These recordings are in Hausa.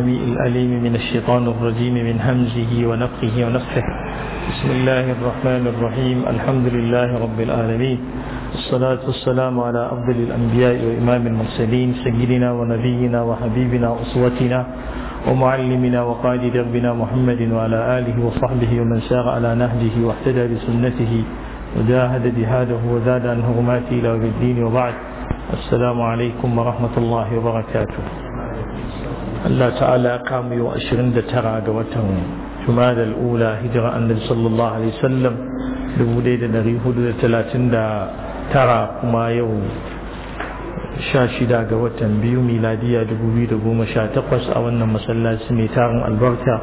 السميع الأليم من الشيطان الرجيم من همزه ونفخه ونفخه بسم الله الرحمن الرحيم الحمد لله رب العالمين الصلاة والسلام على أفضل الأنبياء وإمام المرسلين سيدنا ونبينا وحبيبنا وأسوتنا ومعلمنا وقائد ربنا محمد وعلى آله وصحبه ومن سار على نهجه واهتدى بسنته وجاهد جهاده وزاد عن هرماته إلى الدين وبعد السلام عليكم ورحمة الله وبركاته Allah ta'ala kamu yau tara ga watan Jumada al'ula hijira annabi sallallahu alaihi wasallam tara kuma yau sha shida ga watan biyu miladiya takwas a wannan masallaci mai tarin albarka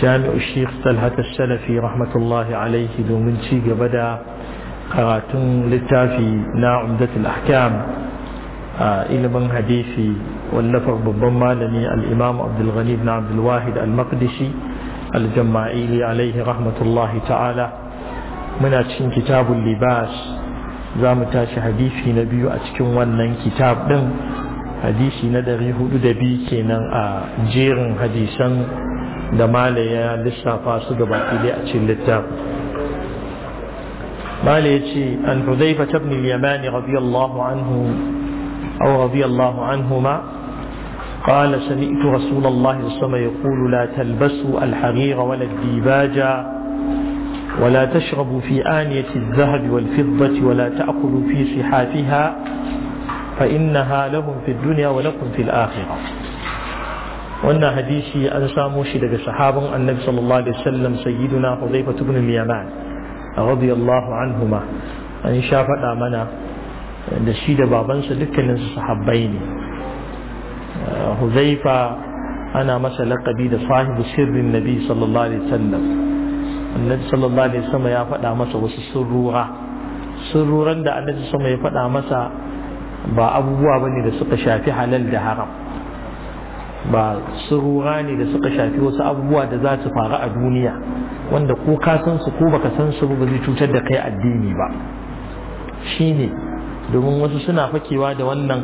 jami'u Sheikh Talhat Salafi rahmatullahi alaihi domin ci gaba da karatun littafi na Umdatul Ahkam ilimin hadisi wallafar babban malami al'imam abdulghani na abdulwahid al-maqdishi al alaihi rahmatullahi ta'ala muna cikin kitabun libas za mu tashi hadisi na biyu a cikin wannan kitab ɗin hadisi na ɗari hudu da biyu kenan a jerin hadisan da mala ya lissafa su gaba dai a cikin littafin مالي عن حذيفة بن yamani رضي الله أو رضي الله عنهما قال سمعت رسول الله صلى الله عليه وسلم يقول لا تلبسوا الحرير ولا الديباجا ولا تشربوا في آنية الذهب والفضة ولا تأكلوا في صحافها فإنها لهم في الدنيا ولكم في الآخرة وأن حديثي أن samo لدى daga النبي صلى الله عليه وسلم سيدنا حذيفة بن اليمان رضي الله عنهما أن شافت faɗa da shi da babansa dukkaninsu sahabbai ne uh, huzaifa ana masa laƙabi da sahibu sirrin nabi sallallahu alaihi wasallam annabi sallallahu alaihi wasallam ya faɗa masa wasu sirrura sirruran da annabi sama ya faɗa masa ba abubuwa bane da suka shafi halal da haram ba surura ne da suka shafi wasu abubuwa da za su faru a duniya wanda ko ka san su ko baka san su ba zai cutar da kai addini ba shine domin wasu suna fakewa da wannan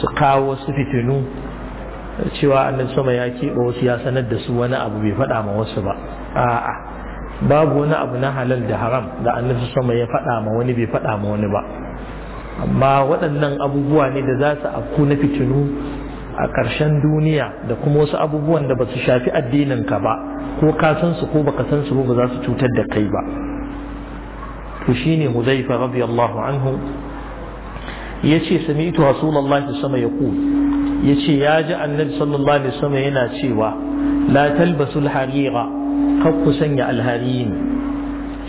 su kawo su fitinu cewa annan sama ya keɓe wasu ya sanar da su wani abu bai faɗa ma wasu ba a'a babu wani abu na halal da haram da annabi sama ya faɗa ma wani bai faɗa ma wani ba amma waɗannan abubuwa ne da za su afku na fitinu a ƙarshen duniya da kuma wasu abubuwan da ba su shafi addinin ka ba ko ka san su ko baka san su ba za su cutar da kai ba to shine Huzaifa radiyallahu anhu yace sami'tu rasulullahi sama ya ku yace ya ji annabi sallallahu alaihi wasallam yana cewa la talbasul harira kar ku sanya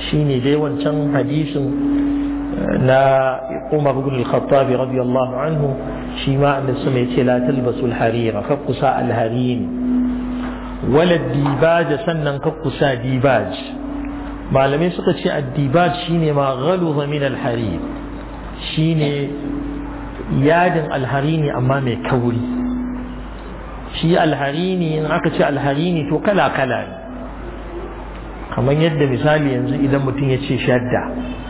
shine dai wancan hadisin eh, na Umar ibn al-Khattab radiyallahu anhu shi ma annabi sama yace la talbasul harira kar ku sa wala dibaja sannan kar ku sa dibaj malamai suka ce addibaj shine ma ghaluza min alharir shine yadin alhari ne amma mai kauri shi alhari ne in aka ce alhari ne to kala-kala ne kamar yadda misali yanzu idan mutum ya ce shadda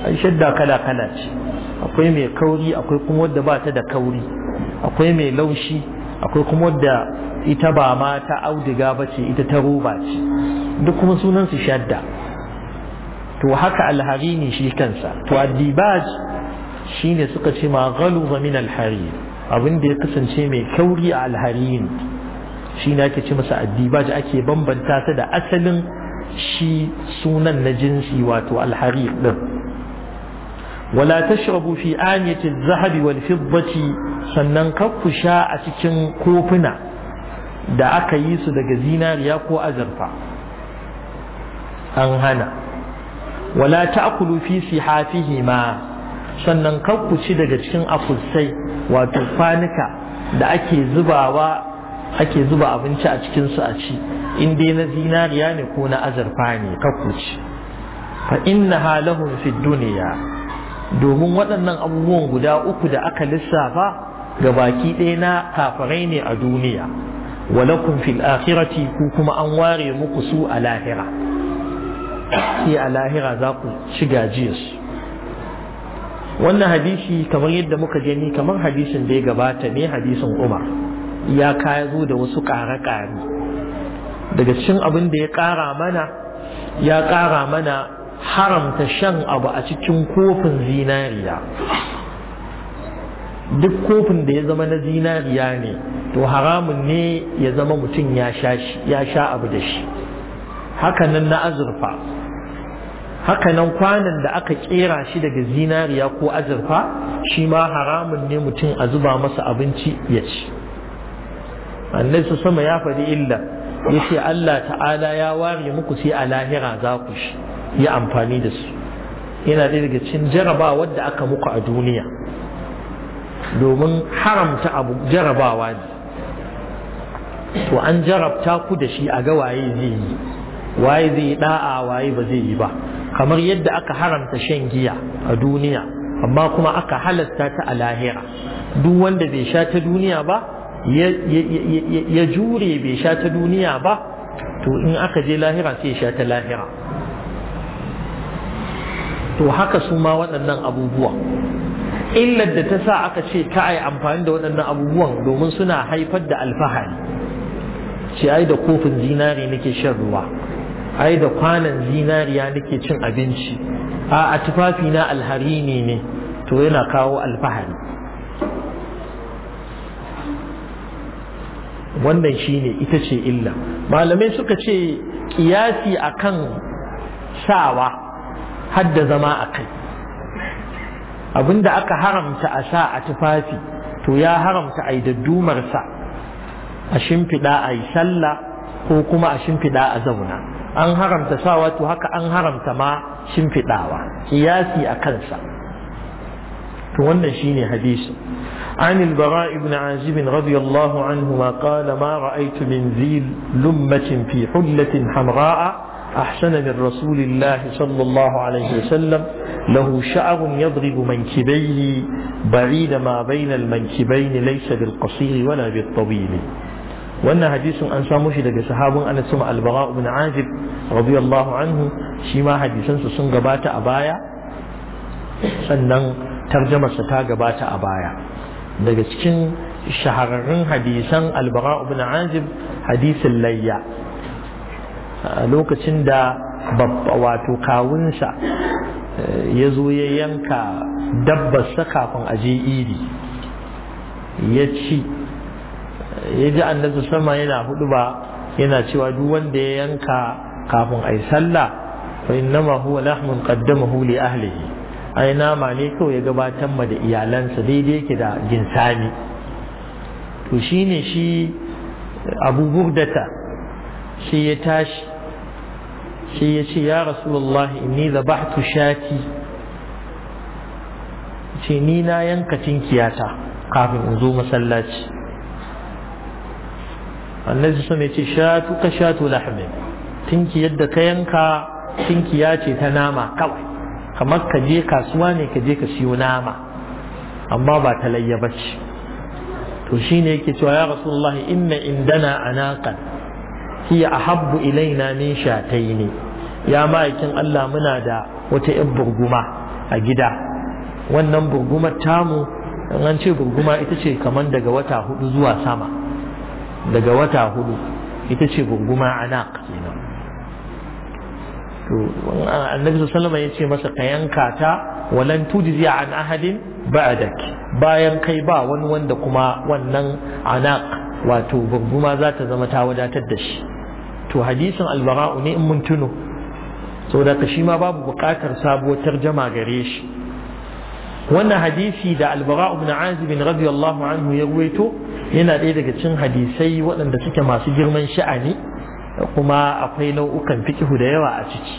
ai shadda kala-kala ce akwai mai kauri akwai kuma wadda ba ta da kauri akwai mai laushi akwai kuma wadda ita ba ma ta auduga ba ce ita ta roba ce duk kuma sunansu shadda to haka alhari ne shi kansa to addibaj shine suka ce ma galuba min alhari abin da ya kasance mai kauri a Shi shine ake ce masa addibaj ake bambanta ta da asalin shi sunan na jinsi wato alhari din wala tashrabu fi aniyati adh wal fiddati sannan kakku sha a cikin kofuna da aka yi su daga zinariya ko azurfa an hana wala ta'kulu fi sihafihima sannan ku ci daga cikin akusai wato kwanuka da ake zubawa ake zuba abinci a cikinsu a ci in dai na zinariya ne ko na azurfa ne kakuci ci fa inna halahun fi duniya domin waɗannan abubuwan guda uku da aka lissafa ga baki ɗaya na kafirai ne a duniya walakun fil akhirati ku kuma an ware muku su a lahira sai a lahira za ku ci gajiyarsu wannan hadisi kamar yadda muka gani kamar hadisin da ya gabata ne hadisin umar ya kaya da wasu ƙare-ƙare daga cikin abin da ya ƙara mana ya ƙara mana haramta shan abu a cikin kofin zinariya duk kofin da ya zama na zinariya ne to haramun ne ya zama mutum ya sha abu da shi hakanan na azurfa Haka nan, kwanan da aka kera shi daga zinariya ko azurfa shi ma haramun ne mutum a zuba masa abinci ya ci annabi sama ya faɗi illa ya ce Allah ta'ala ya ware muku sai a lahira za ku shi yi amfani da su yana ɗaya daga cikin jarabawa da aka muku a duniya domin haramta abu jarabawa ne to an jarabta ku da shi a gawaye zai yi waye zai yi da'a waye ba zai yi ba kamar yadda aka haramta shan giya a duniya amma kuma aka halasta ta a lahira duk wanda bai sha ta duniya ba ya jure bai sha ta duniya ba to in aka je lahira sai ya sha ta lahira to haka su ma waɗannan abubuwa illar da ta sa aka ce ka yi amfani da waɗannan abubuwan domin suna haifar da alfahari ce ai da kofin zinare nake shan ruwa ai da kwanan zinariya nake cin abinci a a tufafi na alharini ne to yana kawo alfahari wannan shine ita ce illa malamai suka ce kiyasi akan sawa hadda zama a kai abinda aka haramta a sa a tufafi to ya haramta a yi dumarsa a shimfiɗa a yi sallah ko kuma a shimfiɗa a zauna an haramta sawa to haka an haramta ma shimfiɗawa kiyasi a kansa to wannan shine hadisi عن البراء بن عازب رضي الله عنهما قال ما رأيت من ذي لمة في حلة حمراء أحسن من رسول الله صلى الله عليه وسلم له شعر يضرب منكبيه بعيد ما بين المنكبين ليس بالقصير ولا بالطويل wannan hadisin an samu shi daga sahabin Anas bin Al-Bara ibn Azib radiyallahu anhu shi ma hadisansa sun gabata a baya sannan tarjamarsa ta gabata a baya daga cikin shahararrun hadisan Al-Bara ibn Azib hadisin layya lokacin da babba wato kawunsa eh, ya zo ya yanka sa kafin a je idi ya ci ya ji annabi sama yana hudu ba yana cewa duk wanda ya yanka kafin ai sallah fa innama huwa lahmun qaddamahu li ahlihi ai nama ne kawai ya gabatar ma da iyalansa daidai yake da ginsani to shine shi abu burdata shi ya tashi shi ya ce ya rasulullahi inni zabahtu shati ce ni na yanka cinkiyata kafin in zo masallaci annabi sun ce shatu ka shatu lahmi tinki yadda ka yanka tinki ya ce ta nama kawai kamar ka je kasuwa ne ka je ka siyo nama amma ba ta layya bace to shine yake cewa ya rasulullah inna indana anaqan hiya ahabbu ilaina min shataini ya ma'aikin Allah muna da wata yan burguma a gida wannan burgumar tamu an ce burguma ita ce kamar daga wata hudu zuwa sama daga wata hudu ita ce gunguma anaq to annabi sallallahu ya ce masa ka yanka ta walan tujzi an ahadin ba'dak bayan kai ba wani wanda kuma wannan anaq wato gunguma za ta zama ta wadatar da shi to hadisin albara'u ne in mun tuno saboda ka shi ma babu buƙatar sabuwar tarjama gare shi wannan hadisi da albara'u ibn azib radiyallahu anhu ya ruwaito yana ɗaya daga cikin hadisai waɗanda suke masu girman sha'ani kuma akwai nau'ukan fikihu da yawa a ciki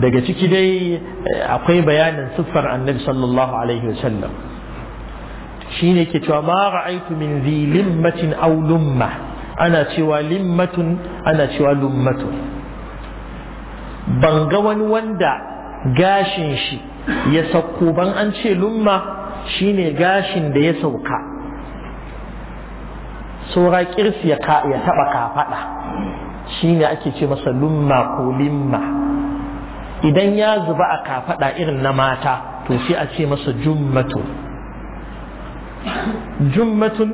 daga ciki dai eh, akwai bayanin siffar annabi sallallahu alaihi Shi shine ke cewa ma ra'aitu min zi limmatin aw lumma ana cewa limmatun ana cewa lummatun ban ga wani wanda gashin shi ya sakko ban an ce lumma Shi ne gashin da ya sauka saura kirsi ya taɓa kafaɗa shine ake ce masa lumma ko limma idan ya zuba a kafaɗa irin na mata to sai a ce masa jummatu jummatun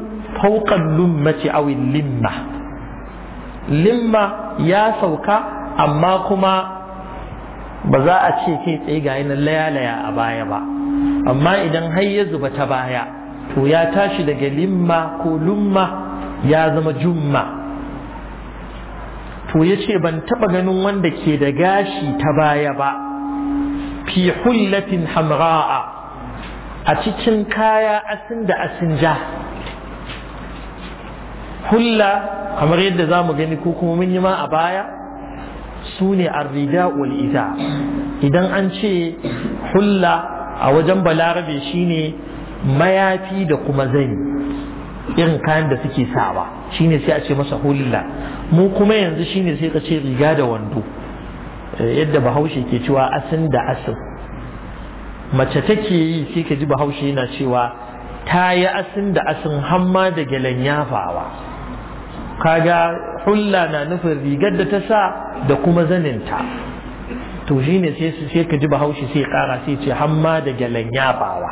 lumma ce awin limma limma ya sauka amma kuma ba za a ce kai tsaye ga yanar layalaya a baya ba amma idan har ya zuba ta baya to ya tashi daga limma ko lumma ya zama jumma to ya ce ban taɓa ganin wanda ke da gashi ta baya ba fi hullatin hamra'a a cikin kaya asin da asin ja hulla kamar yadda za mu gani ko kuma mun yi ma a baya su ne arrida wal idan an ce hulla a wajen balarabe shine mayafi da kuma zani irin kayan da suke sawa shine sai a ce masa hulla mu kuma yanzu shine sai ka ce riga da wando eh, yadda bahaushe ke cewa asin da asin mace take yi sai ka ji bahaushe yana cewa ta yi asin da asin hamma da gyalen yafawa kaga hulla na nufin rigar da ta sa da kuma zaninta to shi ne sai ka ji bahaushe sai kara sai ce hamma da gyalen yabawa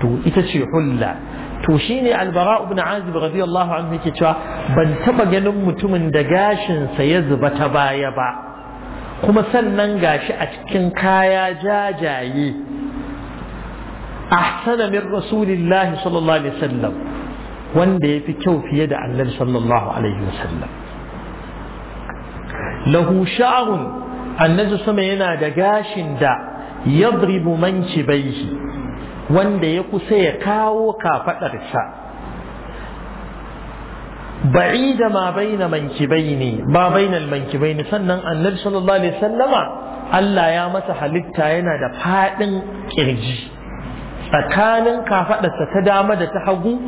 to ita ce hulla to shi ne albara ibn azib radiyallahu anhu yake cewa ban taba ganin mutumin da gashinsa ya zuba ta baya ba kuma sannan gashi a cikin kaya jajaye ahsana min rasulillahi sallallahu alaihi wasallam wanda ya fi kyau fiye da annabi sallallahu alaihi wasallam lahu sha'run annabi sama yana da gashin da yadribu mankibaihi wanda ya kusa ya kawo kafaɗarsa. ba'i ما بين منكبين ما بين sannan annabi sallallahu alaihi sallama Allah ya masa halitta yana da faɗin ƙirji. tsakanin kafaɗarsa ta dama da ta hagu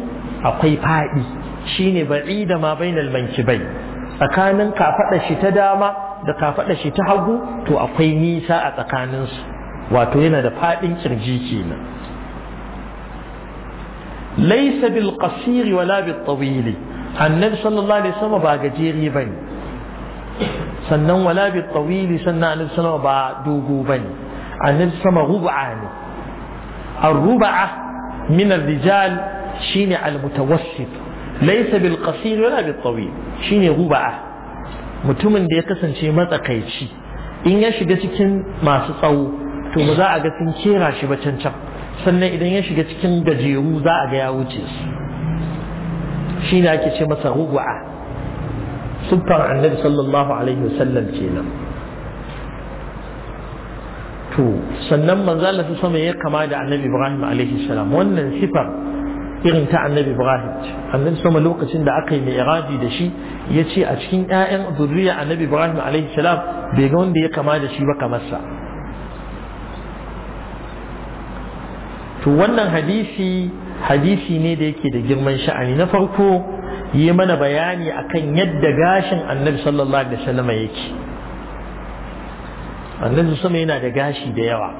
akwai faɗi shine da ma bainal mankibai tsakanin kafaɗa shi ta dama da kafaɗa shi ta hagu to akwai nisa a tsakaninsu wato yana da faɗin kirji kenan laisa bil qasiri wala bil tawili annabi sallallahu alaihi wasallam ba gajeri bane sannan wala bil tawili sannan annabi sallallahu ba dogo bane annabi sama rub'a ne ar-rub'a min ar-rijal shine al-mutawassit laysa bil qasir wala bil tawil shine ruba'a mutumin da ya kasance matsakaici in ya shiga cikin masu tsawo to ba za a ga sun kera shi ba can can sannan idan ya shiga cikin gajeru za a ga ya wuce su shine ake ce masa rubu'a siffar annabi sallallahu alaihi wasallam kenan to sannan manzo Allah sama ya kama da annabi Ibrahim alaihi salam wannan sifar irin ta annabi ibrahim annabi sama lokacin da aka yi mai iradi da shi ya ce a cikin 'ya'yan zuriya annabi ibrahim alaihi salam bai ga wanda ya kama da shi ba kamar sa to wannan hadisi hadisi ne da yake da girman sha'ani na farko yi mana bayani akan yadda gashin annabi sallallahu alaihi wasallam yake annabi sama yana da gashi da yawa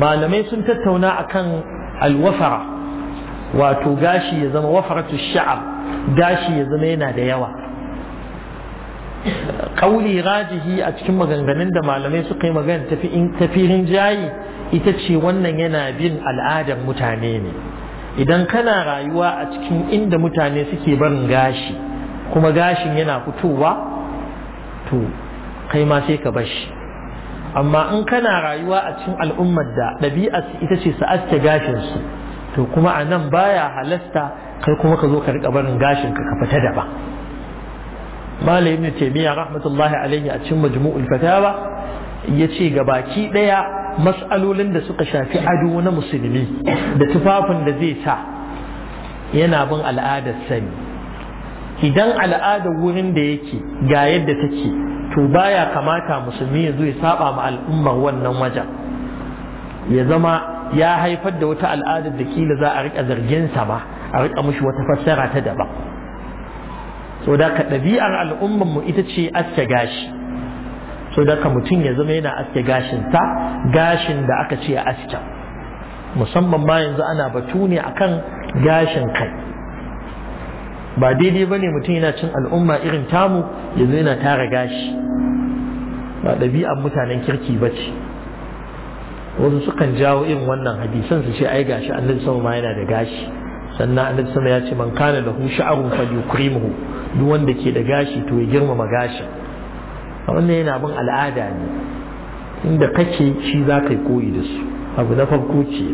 malamai sun tattauna akan alwafara wato gashi ya zama wafaratu sha'ab gashi ya zama yana da yawa kauli rajihi a cikin maganganun da malamai suka yi magana tafi jayi ita ce wannan yana bin al'adar mutane ne idan kana rayuwa a cikin inda mutane suke barin gashi kuma gashin yana fitowa to kai ma sai ka bashi amma in kana rayuwa a cikin al'ummar da ɗabi'arsu ita ce su aske gashinsu to kuma a nan baya halasta kai kuma ka zo ka riƙa barin gashin ka ka fita daban malam ibn taymiya rahmatullahi alaihi a cikin majmu'ul fatawa yace ga baki daya mas'alolin da suka shafi ado na musulmi da tufafin da zai sa yana bin al'adar sani idan al'adar wurin da yake ga yadda take to baya kamata musulmi ya zo ya saba ma al'ummar wannan wajen ya zama ya haifar da wata al'adar da kila za a riƙa zargin ba a rika mushi wata fassara ta daban so da ka ɗabi'ar al'ummar mu ita ce aske gashi so da ka mutum ya zama yana aske gashin sa gashin da aka ce aske musamman ma yanzu ana batu ne akan gashin kai ba daidai ba ne mutum yana cin al'umma irin tamu yanzu yana tara gashi ba ɗabi'ar mutanen kirki ba ce wasu sukan jawo irin wannan hadisan su ce ai gashi annabi sama ma yana da gashi sannan annabi sama ya ce man kana lahu sha'arun falyukrimuhu duk wanda ke da gashi to ya girmama gashin wannan yana bin al'ada ne inda kake shi za ka yi koyi da su abu na farko ce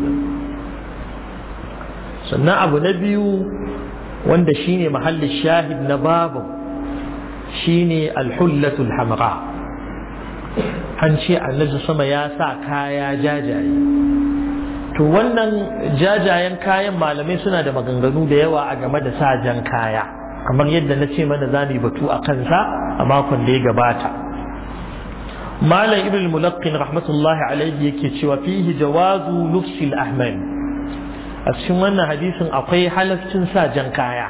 sannan abu na biyu wanda shine mahallin shahid na babu shine alhullatul hamra an ce annabi sama ya sa kaya jajaye to wannan jajayen kayan malamai suna da maganganu da yawa a game da sa jan kaya kamar yadda na ce mana zamu batu a kansa a makon da ya gabata malam ibn mulaqin rahmatullahi alaihi yake cewa fihi jawazu luksil ahmal a cikin wannan hadisin akwai halaccin sa jan kaya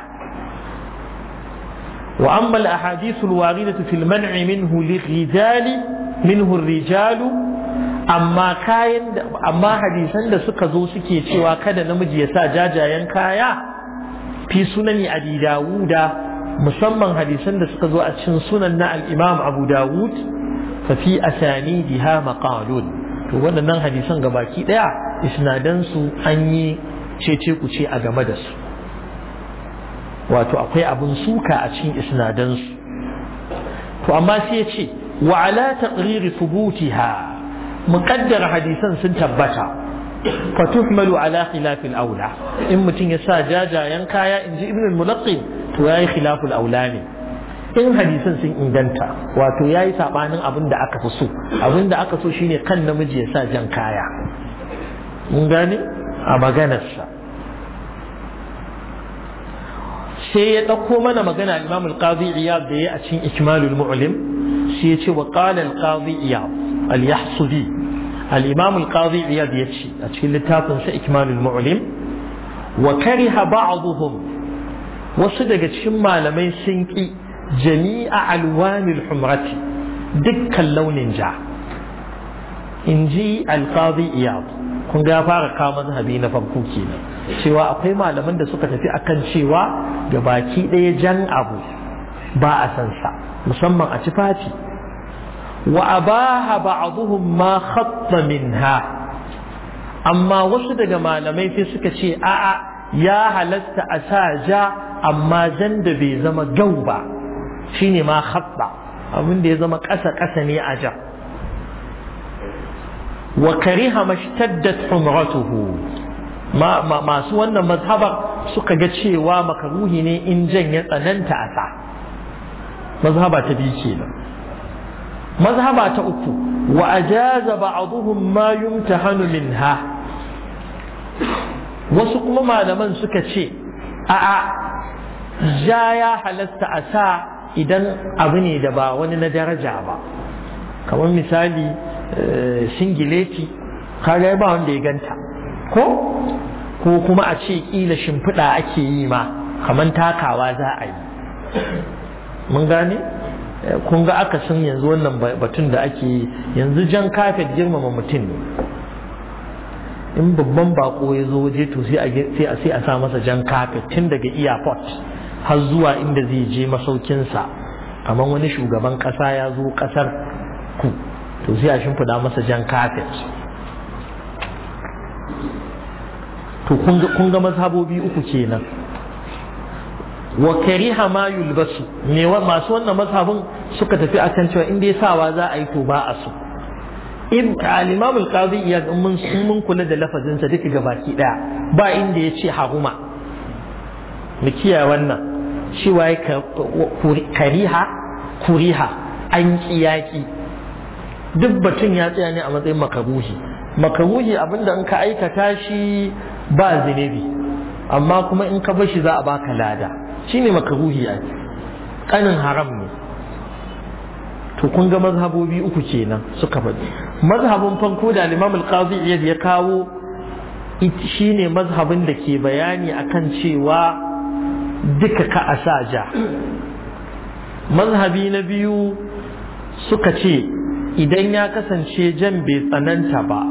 وأما waridatu الواردة في المنع منه للرجال minhu rijalu amma kayan amma hadisan da suka zo suke cewa kada namiji ya sa jajayen kaya fi sunani abi dawuda musamman hadisan da suka zo a cikin sunan na al-imam abu dawud fa fi asanidiha maqalun to waɗannan hadisan ga baki ɗaya su an yi cece ku ce a game da su wato akwai abun suka a cikin isnadansu to amma sai ya ce wa ala taqriri ha. muqaddar hadisan sun tabbata fa tuhmalu ala khilaf aula in mutum ya sa jajayen kaya in ji ibn al to yayi khilaf aula ne in hadisan sun inganta wato yayi sabanin abin da aka fi so abin da aka so shine kan namiji ya sa jan kaya mun gane a maganarsa sai ya ɗauko mana magana imam al-qadi iyad da ya a cikin mu'lim sai ya ce wa qala al-qadi iyad al-yahsubi al-imam al-qadi iyad ya ce a cikin littafin sa ikmalul mu'lim wa kariha ba'dhum wasu daga cikin malamai sun ki jami'a alwanil humrati dukkan launin ja inji al-qadi iyad kun ga fara kawo habi na farko kenan cewa akwai malaman da suka tafi akan cewa ga baki ɗaya jan abu ba a san sa musamman a ci faci wa abaha ba'dhum ma khatta minha amma wasu daga malamai sai suka ce a'a ya halatta a sa ja amma jan da bai zama gau ba shine ma khatta abin da ya zama ƙasa ƙasa ne a jan. wa kariha mashtaddat umratuhu masu wannan mazhabar suka ga cewa makaruhi ne in jan ya tsananta a sa mazhaba ta biyu kenan mazhaba ta uku wa ajaza ba'dhum ma yumtahanu minha wasu kuma malaman suka ce a'a, a ja ya halasta a sa idan abu ne da ba wani na daraja ba kamar misali Eh, singileti kaga ba wanda ya ganta ko ko kuma a ce kila shimfiɗa ake yi ma kamar takawa za a yi mun gane eh, kun ga aka san yanzu wannan batun da ake yi yanzu jan kafet girmama mutum ne in babban bako ya zo waje to sai a sa masa jan kafet tun daga airport har zuwa inda zai je masaukinsa kamar wani shugaban ƙasa ya zo ƙasar ku to sai a shimfiɗa masa jan kafet to kun ga mazhabobi uku kenan wa kariha ma yulbasu me masu wannan mazhabin suka tafi akan cewa in dai sawa za a yi to ba a so in al-imam al ya mun mun kula da lafazin sa duka gabaki daya ba inda yace haruma mu kiyaye wannan Shi cewa kariha kuriha an kiyaki duk batun ya tsaya ne a matsayin makaruhi makaruhi abinda in ka aikata shi ba zinabi amma kuma in ka bashi za a baka lada shi ne makaruhi a kanin haram ne to kun ga mazhabobi uku kenan suka faɗi mazhabin farko da limam al ya kawo shi ne mazhabin da ke bayani akan cewa duka ka ja. mazhabi na biyu suka ce idan ya kasance jan bai tsananta ba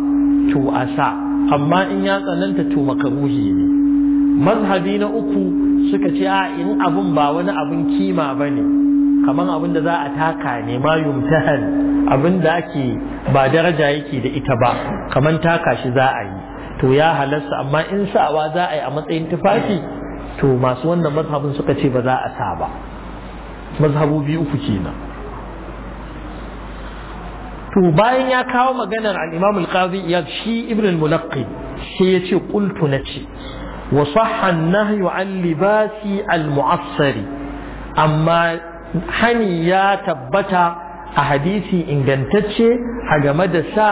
to a sa amma in ya tsananta to makaruhi ne mazhabi na uku suka ce a in abin ba wani abin kima ba ne kamar abin da za a taka ne ma yumtahan abin da ake ba daraja yake da ita ba kamar taka shi za a yi to ya halasta amma in sawa za a yi a matsayin tufafi to masu wannan mazhabin suka ce ba za a sa ba mazhabu biyu uku kenan to bayan ya kawo maganar al-imam al-qadhi iyad shi ibn al-mulaqqi sai ya ce qultu nace wa sahha an-nahyu an libasi al-mu'assari amma hani ya tabbata a hadisi ingantacce a game da sa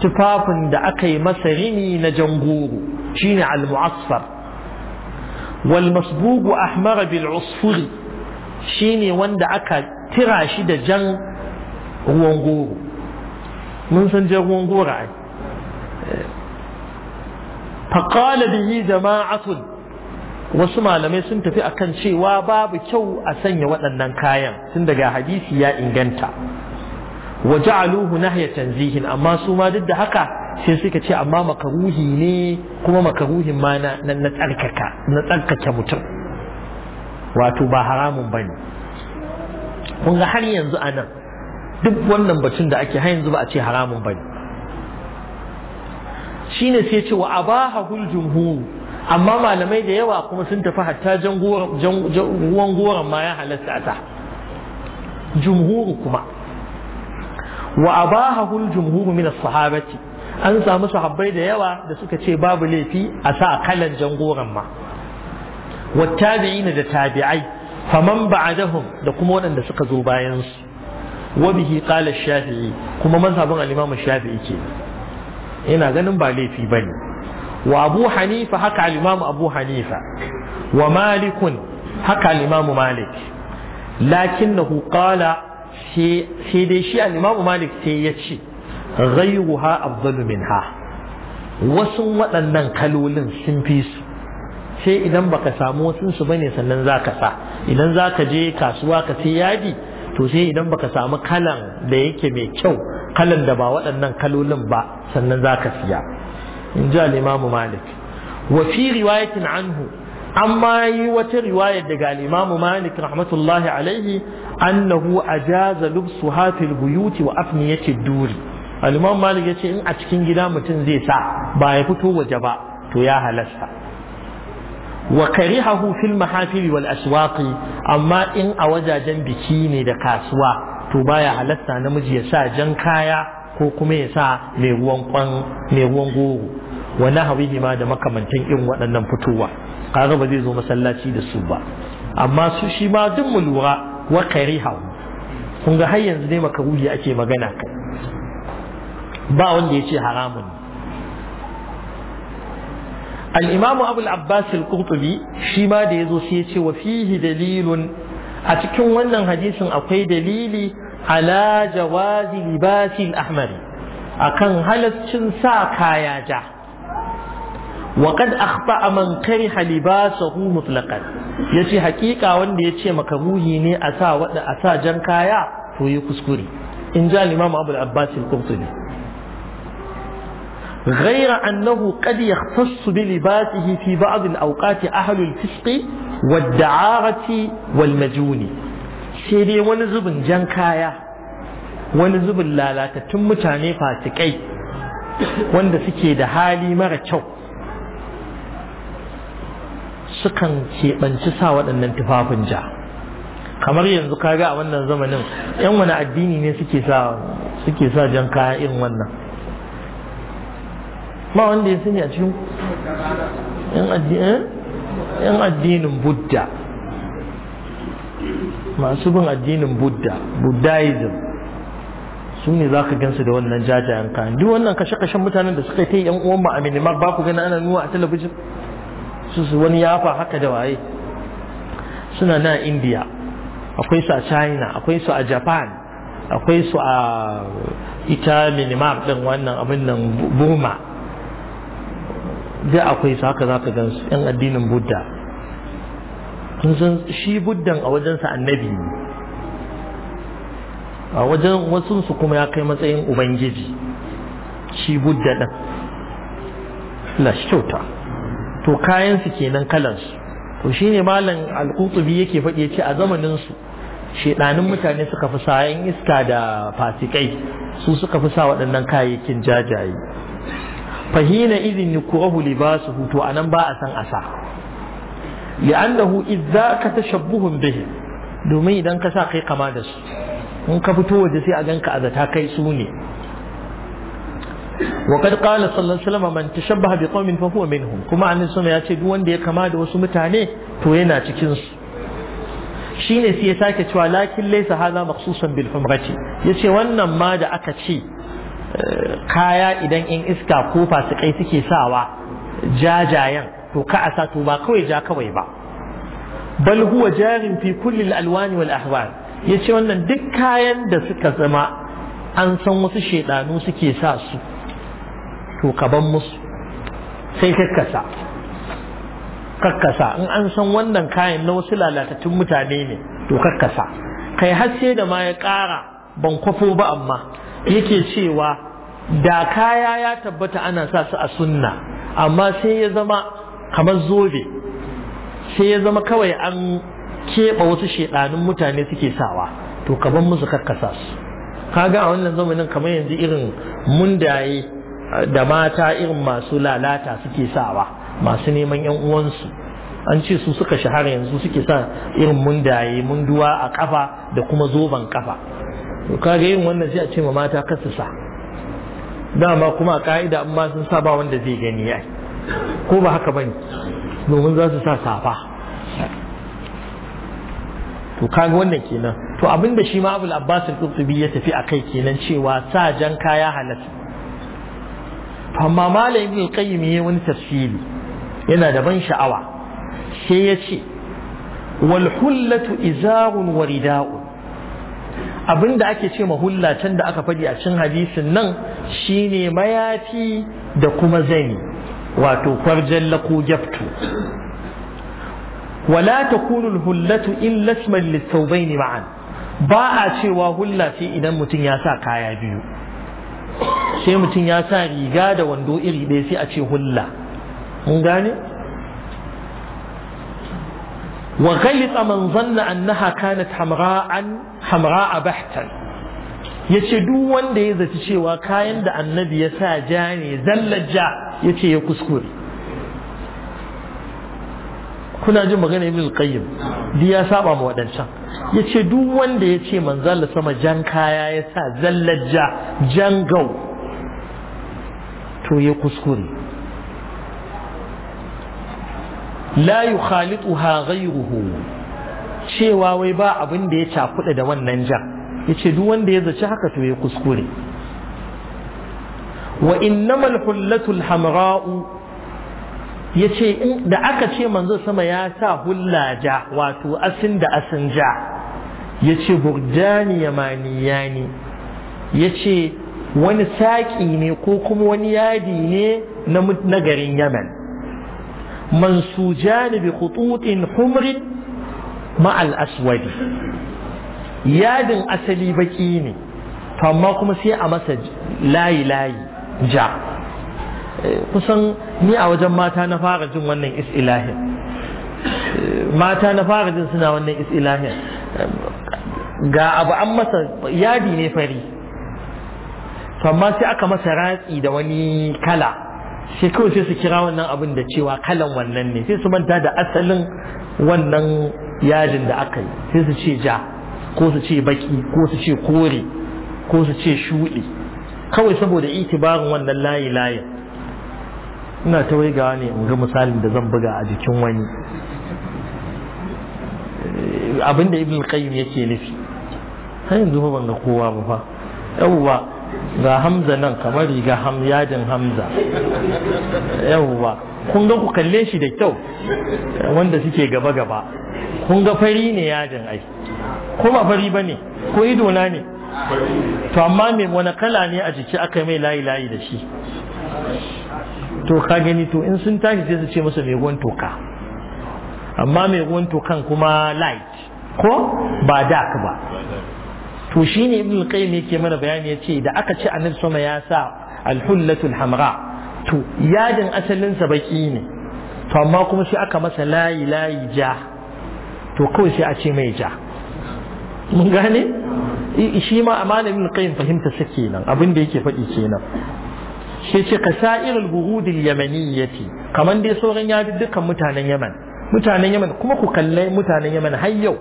tufafin da aka yi masa rini na jangoro shine al-mu'assar wal masbugu ahmar bil usfuri shine wanda aka tira shi da jan ruwan goro mun san jagon goro ai faƙala bihi jama'atun wasu malamai sun tafi akan cewa babu kyau a sanya waɗannan kayan tun daga hadisi ya inganta wa ja'aluhu nahya tanzihin amma su ma duk da haka sai suka ce amma makaruhi ne kuma makaruhin ma na na tsarkaka na tsarkake mutum wato ba haramun bane kun ga har yanzu anan duk wannan batun da ake har yanzu ba a ce haramun bane shine sai ce wa abahahul jumhur amma malamai da yawa kuma sun tafi hatta jan ruwan goron ma ya halatta ata. ta jumhur kuma wa abahahul jumhur min as-sahabati an samu sahabbai da yawa da suka ce babu laifi a sa kalan jan goron ma wa tabi'ina da tabi'ai faman ba'dahum da kuma waɗanda suka zo bayan su Wabihi bihi qala shafi'i kuma mazhabin al-imam shafi'i ke ina ganin ba laifi bane wa abu hanifa haka al abu hanifa wa malikun haka al-imam malik lakinnahu qala sai dai shi al-imam malik sai ya ce ghayruha afdalu ha wasu waɗannan kalolin sun fi su sai idan baka samu wasu su bane sannan zaka sa idan zaka je kasuwa ka sai yadi to sai idan baka samu kalan da yake mai kyau kalan da ba waɗannan kalolin ba sannan za ka siya in ji al'imamu malik wa fi riwayatin anhu amma yi wata riwaya daga al'imamu malik rahmatullahi alaihi annahu ajaza lubsu hafil buyuti wa afniyati duri al'imamu malik ya ce in a cikin gida mutum zai sa ba ya fito waje ba to ya halasta wa karihahu fil mahafili wal aswaqi amma in a wajajen biki ne da kasuwa to baya halatta namiji ya sa jan kaya ko kuma ya sa mai ruwan kwan mai ruwan goro wa nahwihi ma da makamantan irin waɗannan fitowa kaga ba zai zo masallaci da su ba amma su shi ma duk mu lura wa karihahu kun ga har yanzu dai makaruhi ake magana kai ba wanda ya ce haramun al-imam abu al-abbas al-qurtubi shi ma da yazo sai ya ce wa fihi dalilun a cikin wannan hadisin akwai dalili ala jawazi libasi al-ahmari akan halaccin sa kaya ja وقد أخطأ من كره لباسه مطلقا yace hakika wanda yace makaruhi ne a sa a sa jan kaya to yi kuskure in ji al-Imam Abu غير أنه قد يختص بلباسه في بعض الأوقات أهل الفسق والدعارة والمجون سيدي ونزب جنكايا ونزب لا لا lalatattun تاني فاتكي wanda suke da hali mara kyau sukan keɓanci sa waɗannan tufafin ja kamar yanzu kaga a wannan zamanin 'yan wani addini ne suke sa jan kaya irin wannan ba wanda ya sani a cikin eh? yan addinin buddha masu bin addinin buddha buddhism su ne za ka gansu da wannan jajayen kayan duk wannan kashe-kashen mutanen da suka yi ta yan uwan ma a minimar ba ku gani ana nuna a talabijin su su wani yafa haka da waye suna na india akwai su a china akwai su a japan akwai su a ita minimar din wannan abin nan burma da akwai su haka za ka gan su ɗan addinin budda shi buddan a wajensa annabi ne a wajen wasunsu kuma ya kai matsayin ubangiji shi buddha ɗan kyauta to kayansu kenan kalansu to shi ne malam alƙutsubi yake faɗi ya ce a zamaninsu shaɗanin mutane suka fi sayan iska da fasikai su suka fi sa waɗannan kayayyakin jajaye fahina idin yukrahu libasuhu hutu anan ba a san asa li'annahu idza ka tashabbuhum bihi domin idan ka sa kai kama da su in ka fito waje sai a ganka a zata kai su ne wa kad qala sallallahu alaihi wasallam man tashabbaha bi qaumin fa huwa minhum kuma annabi sallallahu ya ce duk wanda ya kama da wasu mutane to yana cikin su ne sai ya sake cewa lakin laysa hadha makhsusan bil humrati yace wannan ma da aka ce kaya idan in iska ko fasikai suke sawa jajayen to ka a to ba kawai ja kawai ba bal huwa jarin fi kulli alwani wal ahwan yace wannan duk kayan da suka zama an san wasu shedanu suke sa su to kaban musu sai kakkasa kakkasa in an san wannan kayan na wasu lalatattun mutane ne to kakkasa kai har sai da ma ya kara ban kwafo ba amma yake cewa da kaya ya tabbata ana sa su a sunna amma sai ya zama kamar zobe sai ya zama kawai an keɓa wasu shedanin mutane suke sawa to kaban musu karkasa su kaga a wannan zamanin kamar yanzu irin mundaye da mata irin masu lalata suke sawa masu neman yan uwansu an ce su suka shahara yanzu suke sa irin mundaye munduwa a kafa da kuma zoben kafa to kaga yin wannan sai a ce ma mata kasu sa dama kuma a ka'ida amma sun sa ba wanda zai gani ya ko ba haka bane domin za su sa safa to kaga wannan kenan to abinda shi ma abul abbas al-qutubi ya tafi akai kenan cewa sa jan kaya halatta amma malam ibn al-qayyim wani tafsiri yana da ban sha'awa sai ya ce wal hullatu izarun wa rida'u abin da ake ce mahulla can da aka faɗi a cin hadisin nan shine mayafi da kuma zani wato farjalla ko gyaftu wala ta takunu in lasman isman bai ne ma'an ba a cewa hulla sai idan mutum ya sa kaya biyu sai mutum ya sa riga da wando iri ɗaya sai a ce hulla mun gane وغلط من ظن أنها كانت حمراء حمراء بحتا yace duk wanda ya zaci cewa kayan da annabi ya sa ja ne zallaja yace ya kuskure kuna jin magana ibn qayyim duk ya saba ma wadancan yace duk wanda yace manzo Allah sama jan kaya ya sa zallaja jan gau to ya kuskure la yukhalituha ghayruhu cewa wai ba abin da ya cakuɗa da wannan jan yace duk wanda ya zaci haka to ya kuskure wa innamal hullatul hamra'u yace da aka ce manzo sama ya sa hulla ja wato asin da asin ja yace burjani Ya yace wani saƙi ne ko kuma wani yadi ne na garin Yemen? منسوجان بخطوط حمر مع الأسود yadin asali baki ne amma kuma sai a masa layi layi ja eh, kusan ni a wajen mata na fara jin wannan is'Ilahi. Eh, mata na fara jin suna wannan is'Ilahi. ga abu an masa yadi ne fari amma sai aka masa ratsi da wani kala shi kawai sai su kira wannan abin da cewa kalan wannan ne sai su manta da asalin wannan yajin da aka yi sai su ce ja ko su ce baki ko su ce kore ko su ce shuɗi kawai saboda itibarin wannan layi layin ina ta waigawa ne in ga misalin da zan buga a jikin wani eh, abin da ibn qayyim yake nufi har yanzu ba ban ga kowa ba fa yawwa ga hamza nan kamar riga ham yadin hamza yawwa kun ga ku kalle shi da kyau wanda suke gaba gaba kun ga fari ne yadin ai ko ba fari ba ne ko ido na ne to amma me wani kala ne a jiki aka mai layi layi da shi to ka gani to in sun tashi sai su ce masa mai gwan toka amma mai gwan tokan kuma light ko ba dark ba to shine ibn al-qayyim yake mana bayani yace da aka ce annabi sama ya sa alhullatul hamra to yadin asalin sa baki ne to amma kuma sai aka masa layi layi ja to kawai sai a ce mai ja mun gane shi ma amana ibn fahimta sa kenan abin da yake faɗi kenan shi ce ka sa'ir al-bughud al-yamaniyyati kaman dai sauran ya dukkan mutanen Yaman mutanen Yaman kuma ku kalle mutanen Yaman har yau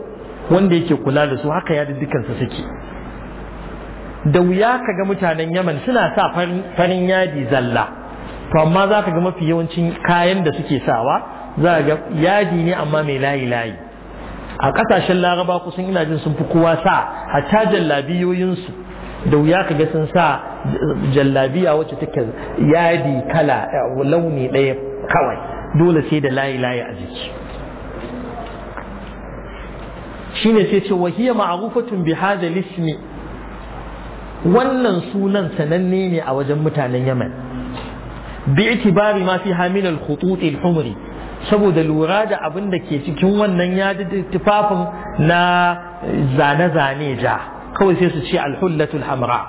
wanda yake kula da su haka ya dukkansa suke da wuya ka ga mutanen yaman suna sa farin yadi zalla to amma za ka ga mafi yawancin kayan da suke sawa za ga yadi ne amma mai layi layi a kasashen laraba kusan ina jin sun fi kowa sa a hatta jallabiyoyinsu da wuya ka ga sun sa jallabiya wacce take yadi kala launi ɗaya kawai dole sai da layi layi a jiki shine sai ce wahiya ma'rufatun bi hadha ismi wannan sunan sananne ne a wajen mutanen Yaman bi itibari ma fi hamil al khutut al humri saboda lura da abin da ke cikin wannan yadi tufafin na zane zane ja kawai sai su ce al hullatul hamra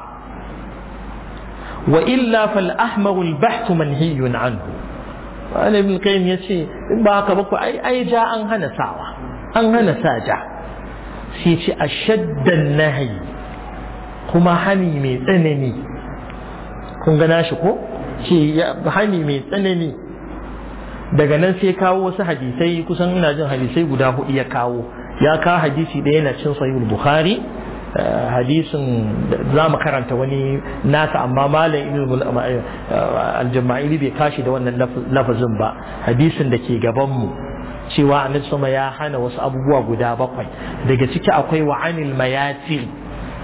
wa illa fal ahmar al bahth manhiyun anhu wa ibn qayyim yace in ba haka ba ku ai ai ja an hana sawa an hana sa ja sai ce shaddan nahi kuma hani mai tsanani kun gana shi ko ce hani mai tsanani daga nan sai kawo wasu hadisai kusan ina jin hadisai guda hudu ya kawo ya kawo hadisi ɗaya na cin sahihul bukhari eh, hadisin za mu karanta wani nasa amma malam ibn eh, aljamaili bai kashi da wannan lafazin ba hadisin da ke gaban mu cewa a sama ya hana wasu abubuwa guda bakwai daga ciki akwai wa anil mayatir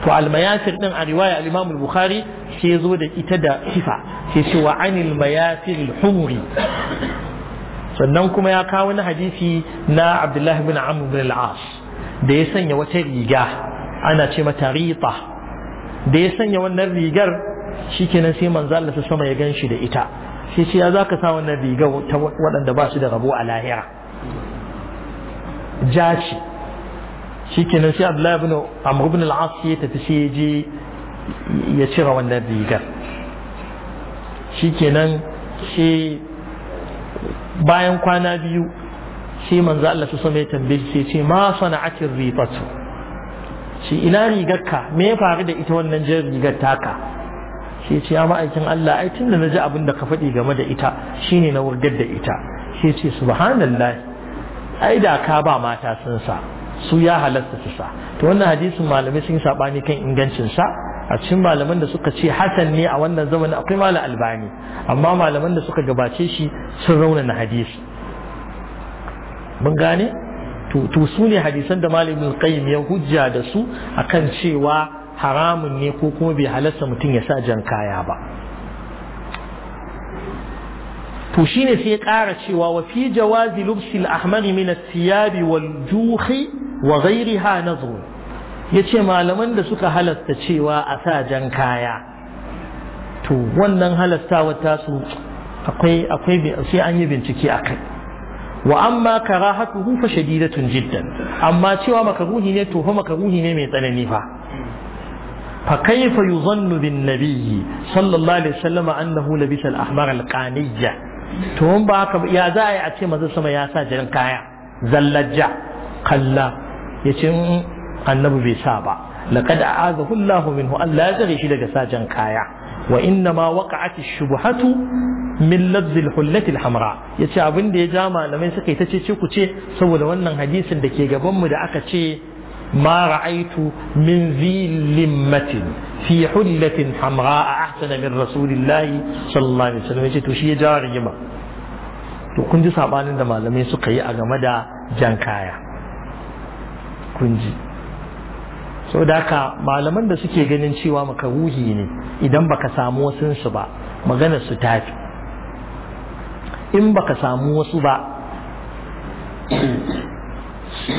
to al mayatir din a riwaya al imam bukhari sai zo da ita da sifa sai ce wa anil mayatir al humri sannan kuma ya kawo wani hadisi na abdullahi bin amr bin al as da ya sanya wata riga ana ce mata riqa da ya sanya wannan rigar shikenan sai manzo Allah sama ya ganshi da ita sai ce ya zaka sa wannan rigar ta waɗanda ba su da rabo a lahira jaci shi kenan sai abdullahi ibn amr ibn al-as ya tafi sai ya je ya cire wannan rigar shi kenan sai bayan kwana biyu shi manzo Allah su sami ya tambaye sai ce ma sana'atir rifatu shi ina rigarka me ya faru da ita wannan jan rigar taka shi ce ya ma'aikin Allah ai da na ji abin da ka faɗi game da ita shine na wurgar da ita shi ce subhanallah ai da ka ba mata sun sa su ya halatta su sa to wannan hadisin malamai sun sabani kan ingancin sa a cikin malaman da suka ce hasan ne a wannan zamanin akwai malam albani amma malaman da suka gabace shi sun rauna na hadisi mun gane to su ne hadisan da malamin qayyim ya hujja da su akan cewa haramun ne ko kuma bai halasta mutum ya sa jan kaya ba to ne sai ya ƙara cewa wa fi jawazi lubsil ahmari min siyabi wal juhi wa ghairiha nazr yace malaman da suka halasta cewa a sa jan kaya to wannan halastawa ta su akwai akwai sai an yi bincike kai wa amma karahatuhu fa shadidatun jiddan amma cewa makaruhi ne to fa makaruhi ne mai tsanani fa fa kayfa yuzannu bin nabiyyi sallallahu alaihi wasallam annahu labisa al ahmar al qaniyya to in ba haka ya za a yi a ce mazu sama ya sa jirin kaya zallajja kalla ya ce mm, annabi bai sa ba laqad a'adahu Allah minhu Allah ya tsare shi daga sa jan kaya wa inna ma waqa'at ash-shubhatu min labz al-hullati al-hamra yace abin da ya ja malamai suka yi ta ce ku ce saboda wannan hadisin da ke gaban mu da aka ce ما رأيت من ذي لمة في حلة حمراء أحسن من رسول الله صلى الله عليه وسلم يجي تشي جاري ما to kun ji sabanin da malamai suka yi a game da so da haka malaman da suke ganin cewa maka wuhi ne idan baka samu wasu su ba magana su tafi in baka samu wasu ba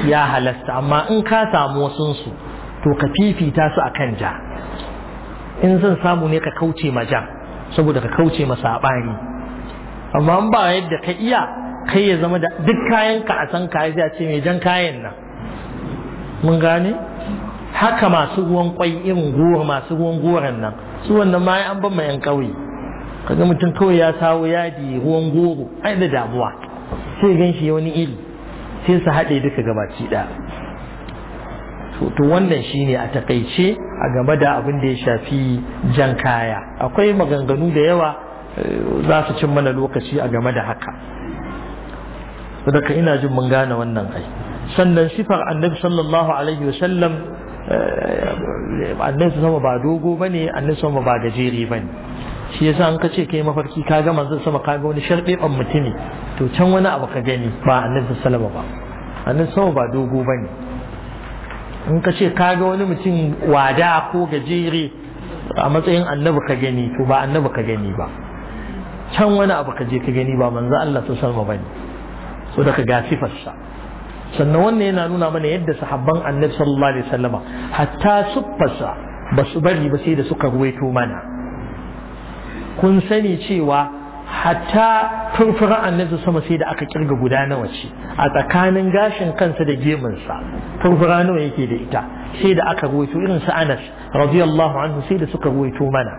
ya halasta amma in ka samu su to ka fifita su akan ja in zan samu ne ka kauce ma ja saboda ka kauce ma saɓani amma ba yadda ka iya kai ya zama da duk kayan ka a san kayan sai a ce mai jan kayan nan mun gane haka masu ruwan kwai irin goro masu ruwan goron nan su wannan ma an ban ma yan kauye kaga mutum kawai ya sawo yadi ruwan goro ai da damuwa sai ganshi wani iri sai su haɗe duka gabaci ɗaya to wannan shine a takaice a game da abin da ya shafi jan kaya akwai maganganu da yawa eh, za su cin mana lokaci a game da haka daga ina jin mun gane wannan ai sannan sifar annabi sallallahu alaihi sallam eh, annabi sama ba dogo bane annabi sama ba gajere bane shi yasa an kace kai mafarki ka ga manzon sama ka ga wani sharbe ban mutumi to can wani abu ka gani ba annabi sallama ba annabi sama ba dogo bane in ka ce ka ga wani mutum wada ko gajere a matsayin annabi ka gani to ba annabi ka gani ba can wani abu ka je ka gani ba manzo Allah ta sallama bane so daga ga sifarsa sannan wannan yana nuna mana yadda sahabban annabi sallallahu alaihi wasallama hatta siffarsa ba su bari ba sai da suka ruwaito mana kun sani cewa hatta furfuran annabi sama sai da aka kirga guda nawa ce a tsakanin gashin kansa da gemunsa furfura nawa yake da ita sai da aka ruwaito irin su Anas radiyallahu anhu sai da suka ruwaito mana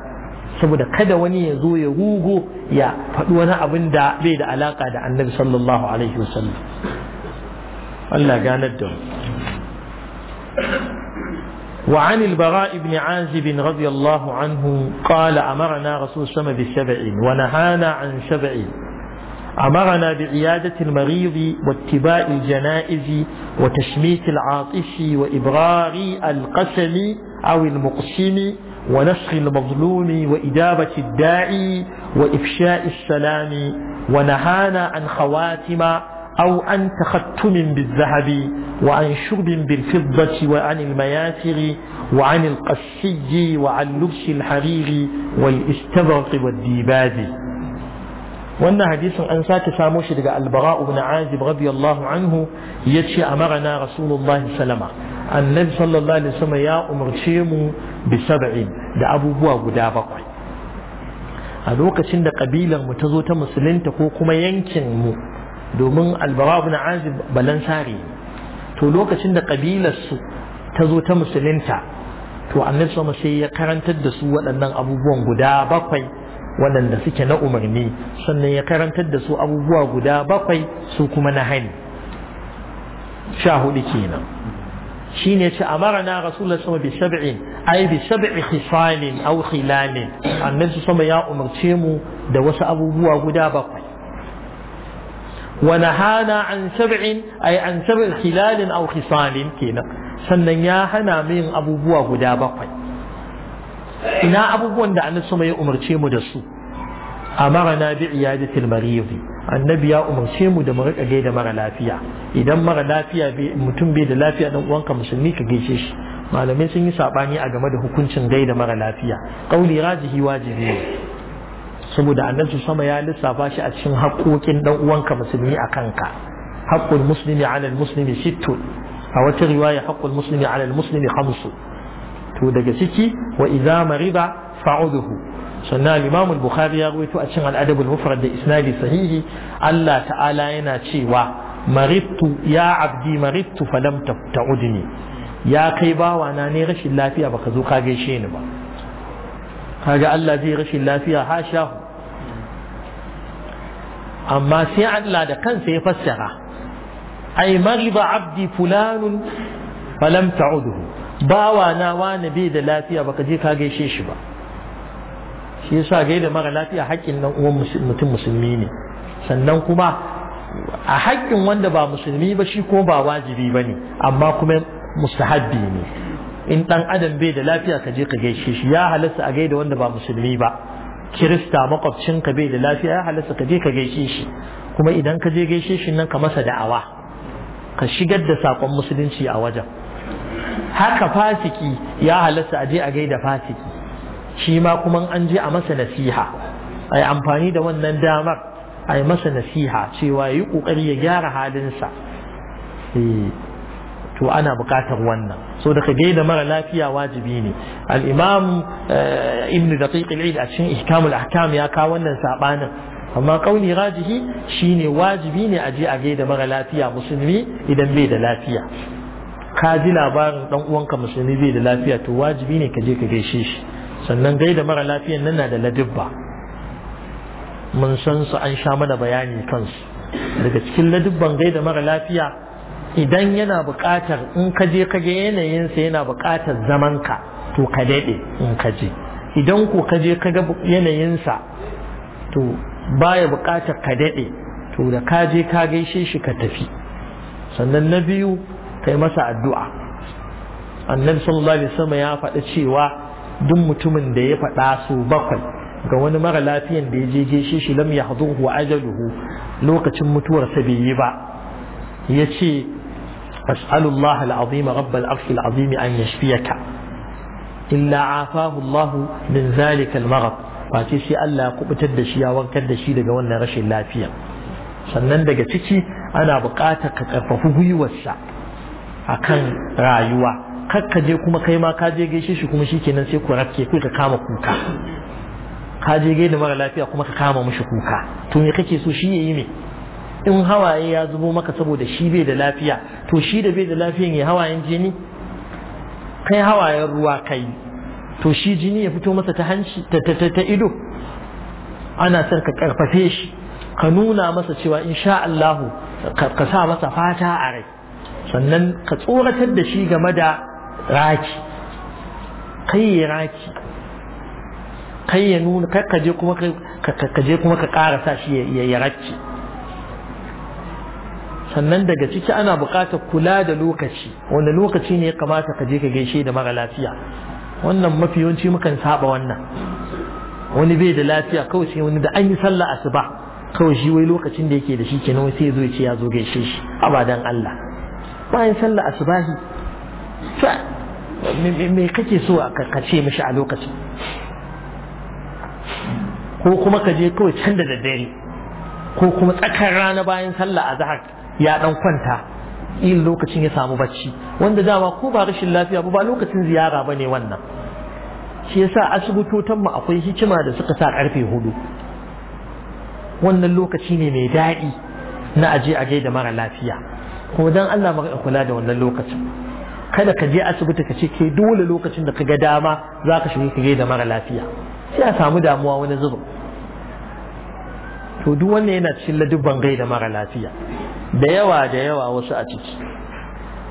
saboda kada wani ya zo ya rugo ya faɗi wani abin da bai da alaka da annabi sallallahu alaihi wasallam Allah ganar da mu وعن البراء بن عازب رضي الله عنه قال أمرنا رسول الله بسبع ونهانا عن سبع أمرنا بعيادة المريض واتباع الجنائز وتشميت العاطش وإبرار القسم أو المقسم ونسخ المظلوم وإجابة الداعي وإفشاء السلام ونهانا عن خواتم أو عن تختم بالذهب وعن شرب بالفضة وعن المياسر وعن القسي وعن لبس الحرير والاستبرق والديباج wannan hadisin an sake samo shi daga albara ibn azib radiyallahu anhu yace a marana sallama annabi sallallahu alaihi wasallam ya umarce mu bi sab'in da abubuwa guda bakwai a lokacin da ƙabilar mu ta zo ta musulunta ko kuma yankin mu domin albara ibn azib balansari to lokacin da kabilarsu ta zo ta musulunta to annabi sama sai ya karantar da su waɗannan abubuwan guda bakwai waɗanda suke na umarni sannan ya karantar da su abubuwa guda bakwai su kuma na hani sha hudu kenan shine ce amarana rasulullah sama bi sab'in ai bi sab'i khisalin aw khilalin annabi sama ya umarce mu da wasu abubuwa guda bakwai ونهانا عن سبع أي عن سبع خلال sannan ya hana min abubuwa guda bakwai ina abubuwan da annabi sama ya umarce mu da su amarna bi iyadatil marid annabi ya umarce mu da mu rika gaida mara lafiya idan mara lafiya mutum bai da lafiya dan uwanka musulmi ka gaishe shi malamai sun yi saɓani a game da hukuncin gaida mara lafiya kauli rajihi wajibi ne saboda annabi sama ya lissafa shi a cikin haƙoƙin dan uwanka musulmi a kanka haqqul muslimi ala muslimi a wata riwaya haqqul muslimi ala muslimi khamsu to daga ciki wa idza mariba fa'uduhu sannan imam al-bukhari ya rawaito a cikin al-adab al-mufrad da isnadi sahihi Allah ta'ala yana cewa maridtu ya abdi maridtu falam ta'udni ya kai bawa na ne rashin lafiya baka zo ka gaishe ni ba kaga Allah zai rashin lafiya hasha amma sai Allah da kansa ya fassara ai mariba abdi fulanun falam ta'uduhu bawa na wani bai da lafiya baka je ka gaishe shi ba shi yasa gaida mara lafiya haƙƙin nan uwan mutum musulmi ne sannan kuma a haƙƙin wanda ba musulmi ba shi ko ba wajibi ba ne amma kuma mustahabbi ne in ɗan adam bai da lafiya ka je ka gaishe shi ya halasta a gaida wanda ba musulmi ba kirista makwabcinka bai da lafiya ya halasta ka je ka gaishe shi kuma idan ka je gaishe shi nan ka masa da'awa ka shigar da sakon musulunci a wajen haka fasiki ya halasta a je a gaida fasiki shi ma kuma an je a masa nasiha a yi amfani da wannan damar a yi masa nasiha cewa ya yi ƙoƙari ya gyara halinsa eh. to ana buƙatar wannan so da ka gaida mara lafiya wajibi ne al-imam eh, ibn daqiq al a cikin ihkamul ahkam ya kawo wannan sabanin amma kauli rajihi shine wajibi ne a je a gaida mara lafiya musulmi idan bai da lafiya ka ji labarin dan uwanka musulmi bai da lafiya to wajibi ne ka je ka gaishe shi sannan gaida mara lafiyan nan na da ladibba mun san su an sha mana bayani kansu daga cikin ladibban gaida mara lafiya idan yana buƙatar in ka je ka ga yanayinsa yana buƙatar zaman ka to ka daɗe in ka je idan ko ka je ka ga yanayinsa to baya buƙatar ka daɗe to da ka je ka gaishe shi ka tafi sannan na biyu kai masa addu'a annabi sallallahu alaihi wasallam ya faɗa cewa duk mutumin da ya faɗa su bakwai ga wani mara lafiyan da ya je gaishe shi lam yahduhu ajaluhu lokacin mutuwarsa bai yi ba ya ce فاسأل الله العظيم رب العرش العظيم أن يشفيك إلا عافاه الله من ذلك المرض sai Allah ya kubutar da shi ya warkar da shi daga wannan rashin lafiya sannan daga ciki ana buƙatar ka karfafi gwiwarsa a kan rayuwa kar ka je kuma kai ma ka je gaishe shi kuma shikenan sai ku rafke kai ka kama kuka ka je gaida mara lafiya kuma ka kama mishi kuka to me kake so shi yayi me in hawaye ya zubo maka saboda shi bai da lafiya to shi da bai da lafiyan ya hawayen jini kai hawayen ruwa kai to shi jini ya fito masa ta hanci ta ido ana son ka karfafe shi ka nuna masa cewa insha Allahu ka sa masa fata a rai sannan ka tsoratar da shi game da raki kai ya raki kai ya nuna kai ka je kuma ka ƙara sa shi ya raki sannan daga ciki ana buƙatar kula da lokaci wanda lokaci ne ya kamata ka je ka gaishe da mara lafiya wannan mafi yawanci mukan saba wannan wani bai da lafiya kawai sai wani da an yi sallah asuba kawai shi wai lokacin da yake da shi kenan sai ya zo ya ce ya zo gaishe shi abadan Allah bayan sallah shi me kake so ka ce mishi a lokacin ko kuma ka je kawai can da daddare ko kuma tsakar rana bayan sallah a zahar ya dan kwanta in lokacin ya samu bacci wanda dama ko ba rashin lafiya ba lokacin ziyara ba ne wannan shi yasa asibitotan mu akwai hikima da suka sa karfe hudu wannan lokaci ne mai daɗi na aje a gaida mara lafiya ko dan Allah maka kula da wannan lokacin kada ka je asibiti ka ce ke dole lokacin da ka ga dama za ka shiga ka gaida mara lafiya sai a samu damuwa wani zubin to duk wannan yana cikin ladubban gaida mara lafiya da yawa da yawa wasu a ciki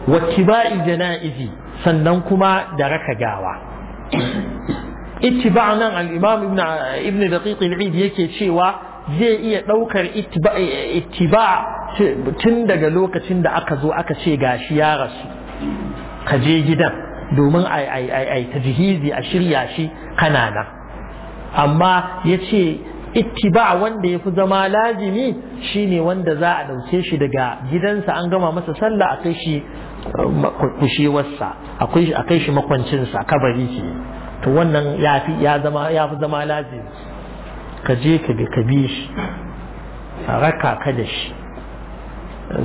wattiba'i jana'izi sannan kuma da raka gawa ittiba nan al-imam ibn ibn daqiq al-eid yake cewa zai iya daukar ittiba tun daga lokacin da aka zo aka ce gashi ya rasu ka je gidan domin ai ai ai ai tajhizi a shirya shi kana nan amma yace ittiba wanda ya fi zama lazimi shine wanda za a ɗauke shi daga gidansa an gama masa sallah a kai shi kushewarsa a kai shi makwancinsa kabari ke to wannan ya fi ya zama ya zama lazimi ka je ka bi ka bi shi a raka ka da shi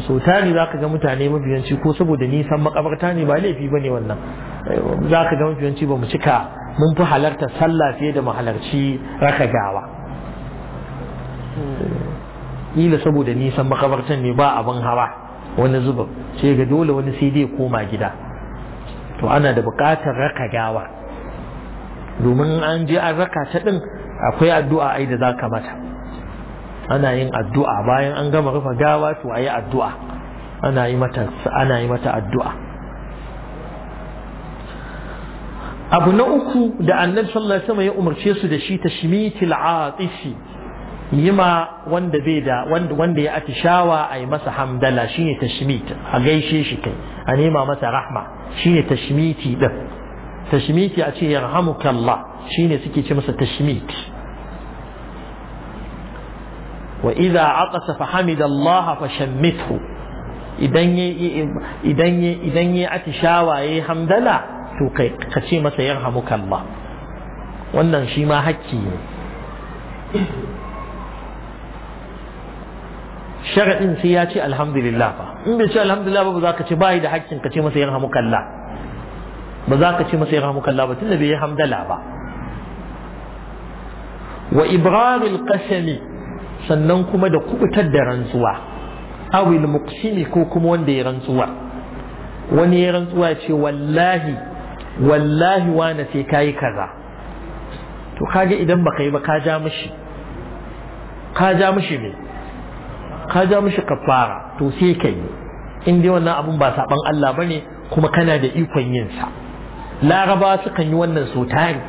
so tari za ka ga mutane mabiyanci ko saboda nisan makabarta ne ba laifi ba ne wannan za ka ga mabiyanci ba mu cika mun fi halarta sallah fiye da mu halarci raka gawa ila saboda nisan makabartan ne ba abin hawa wani zuba sai ga dole wani sai dai koma gida to ana da buƙatar raka gawa domin an je an raka ta ɗin akwai addu'a ai da za ka mata ana yin addu'a bayan an gama rufe gawa to ayi yi addu'a ana yi mata ana yi mata addu'a abu na uku da annabi sallallahu alaihi wasallam ya umarce su da shi tashmitil aatisi yima wanda bai da wanda ya atishawa a yi masa hamdala shine tashmit a gaishe shi kai a nema masa rahma shine tashmiti din tashmiti a ce yarhamukallah shine suke ce masa tashmit wa idza aqasa fa hamidallaha fa shammithu idan ya idan ya idan ya atishawa yayi hamdala to kai ka ce masa yarhamukallah wannan shi ma hakki ne Shari'in sai ya ce alhamdulillah ba in bai ce alhamdulillah ba ba za ka ce bayi da haƙƙin ka ce masa yin hamukalla ba za ka ce masa yin hamukalla ba tunda bai yi hamdala ba wa ibrarul qasami sannan kuma da kubutar da rantsuwa awil muqsimi ko kuma wanda ya rantsuwa wani ya rantsuwa ce wallahi wallahi wane sai kayi kaza to kaga idan baka yi ba ka ja mishi ka ja mishi me ka ja mishi kafara to sai ka yi in dai wannan abun ba saban Allah bane kuma kana da ikon yin sa laraba sukan yi wannan so tari